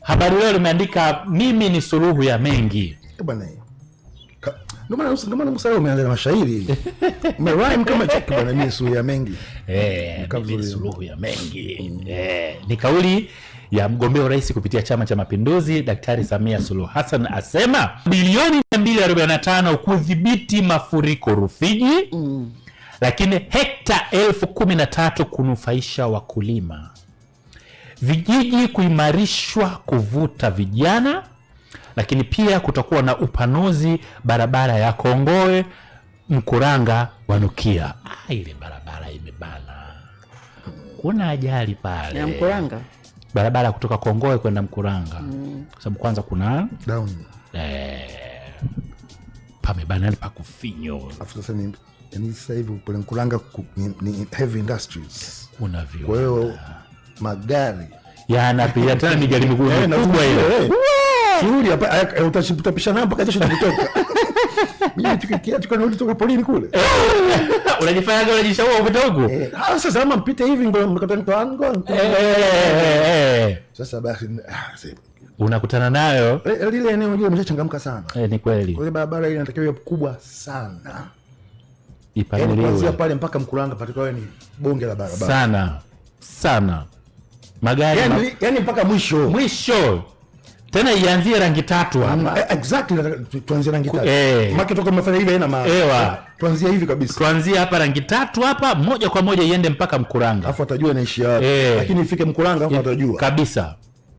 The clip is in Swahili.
Habari Leo limeandika mimi ni suluhu ya mengi. Eh bwana, ndio maana ndio maana Musa umeanza na mashairi umerhyme kama cheki bwana, mimi suluhu ya mengi eh, mimi suluhu ya mengi mm. eh, ni kauli ya mgombea urais kupitia Chama cha Mapinduzi, Daktari Samia Suluhu Hassan asema bilioni 245 kudhibiti mafuriko Rufiji mm, lakini hekta elfu kumi na tatu kunufaisha wakulima vijiji kuimarishwa kuvuta vijana, lakini pia kutakuwa na upanuzi barabara ya Kongoe Mkuranga wanukia. Ah, ile barabara imebana, kuna ajali pale ya Mkuranga, barabara kutoka Kongoe kwenda Mkuranga mm. kwa sababu kwanza kuna down eh, pamebana pa kufinyo sasa hivi pale Mkuranga ni heavy industries kuna viwanda magari yanapia tena ni gari eh, kubwa ile eh. shughuli hapa, namba kaja jasho kutoka Mimi tukikia tukana tukanarudi toka polini kule, eh. unajifanya unajifanyaga unajishaua upite huko. Ah, sasa zama mpite hivi, mkatani kwa sasa basi ah, unakutana nayo lile eneo lile limeshachangamka sana. Eh, ni kweli ile barabara ile inatakiwa kubwa sana ipanuliwe, yaani kuanzia pale mpaka Mkuranga patakuwa ni bonge la barabara sana sana magari yani, ma... yani mpaka mwisho mwisho tena ianzie rangi tatu hapa. Mm, eh, exactly, tuanzie rangi tatu. eh. Maki toka umefanya hivi haina maana. Ewa. Tuanzie hivi kabisa. Tuanzie hapa rangi tatu hapa moja kwa moja iende mpaka Mkuranga. afu atajua inaishia wapi. eh. Lakini ifike Mkuranga afu atajua. Kabisa.